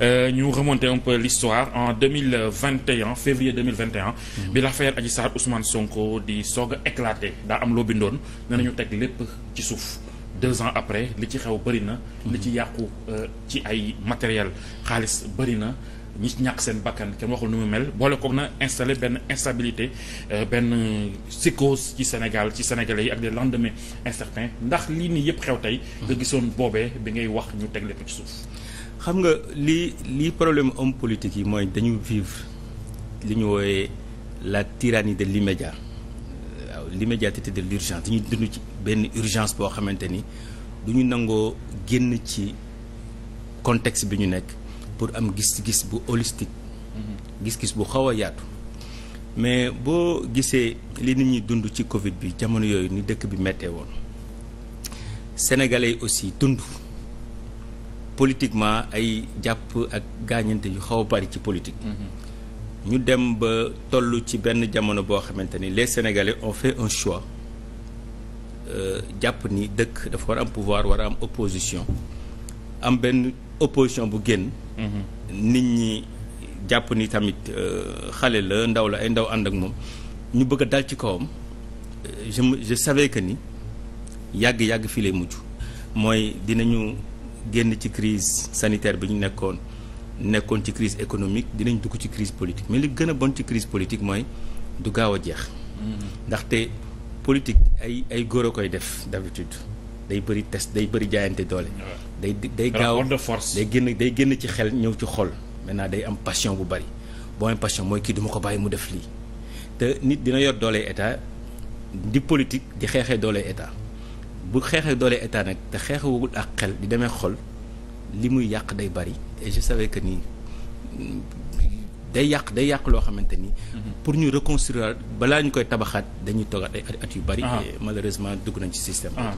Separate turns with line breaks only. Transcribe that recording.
Euh, ñu remonter un peu l'histoire en 2021 février 2021 mhm. bi l'affaire Adji Sarr Ousmane Sonko di soog a éclaté daa am loo bindoon ne mhm. nañu teg lépp ci suuf deux ans après li ci xew bëri na li ci mhm. yàqu euh, ci ay matériel xaalis bëri na ñi ñàkk seen bakkan kenn waxul nu mu mel boole koog na installé benn instabilité euh, benn psychose ci Sénégal ci sénégalais yi ak des lendemains incertains ndax lii nii yëpp xew tey nga gisoon boobee bi ngay wax ñu teg lépp ci suuf xam nga
lii lii problème homme politique yi mooy dañu vivre li ñu wooyee la tyrannie de l'immédiat waaw l'immédiateté de l'urgence dañuy dund ci benn urgence boo xamante ni du ñu nangoo génn ci contexte bi ñu nekk pour am gis-gis bu holistique mm-hmm. gis-gis bu xaw a yaatu mais boo gisee li nit ñi dund ci covid bi jamono yooyu ni dëkk bi méttee woon sénégalais yi aussi dund politiquement ay jàpp ak gaañante yu xaw a bari ci politique. ñu dem ba toll ci benn jamono boo xamante ni les sénégalais ont fait un choix euh, jàpp ni dëkk dafa war am pouvoir war a am opposition am benn opposition bu génn. nit ñi jàpp ni tamit euh, xale la ndaw la ay ndaw ànd ak moom ñu bëgg a dal ci kawam euh, je je savais que ni yàgg yàgg fii lay mujj mooy dinañu. génn ci crise sanitaire bi ñu nekkoon nekkoon ci crise économique dinañ dugg ci crise politique mais li gën a bon ci crise politique mooy du gaaw a jeex mm-hmm. ndaxte politique ay ay góor a koy def d'habitude day bëri test day bëri jaayante doole day day gaaw day génn day génn ci xel ñëw ci xol maintenant day am passion bu bëri boo am passion mooy kii duma ko bàyyi mu def lii te nit dina yor doole état di politique di xeexee doole état bu xeexee doole état nag te xeexewul ak xel di demee xol li muy yàq day bari je savais que nii day yàq day yàq loo xamante ni. Mhm. pour ñu reconstruire balaa ñu koy tabaxaat dañuy toogaat ay at yu bari. Ah. malheureusement dugg nañ ci système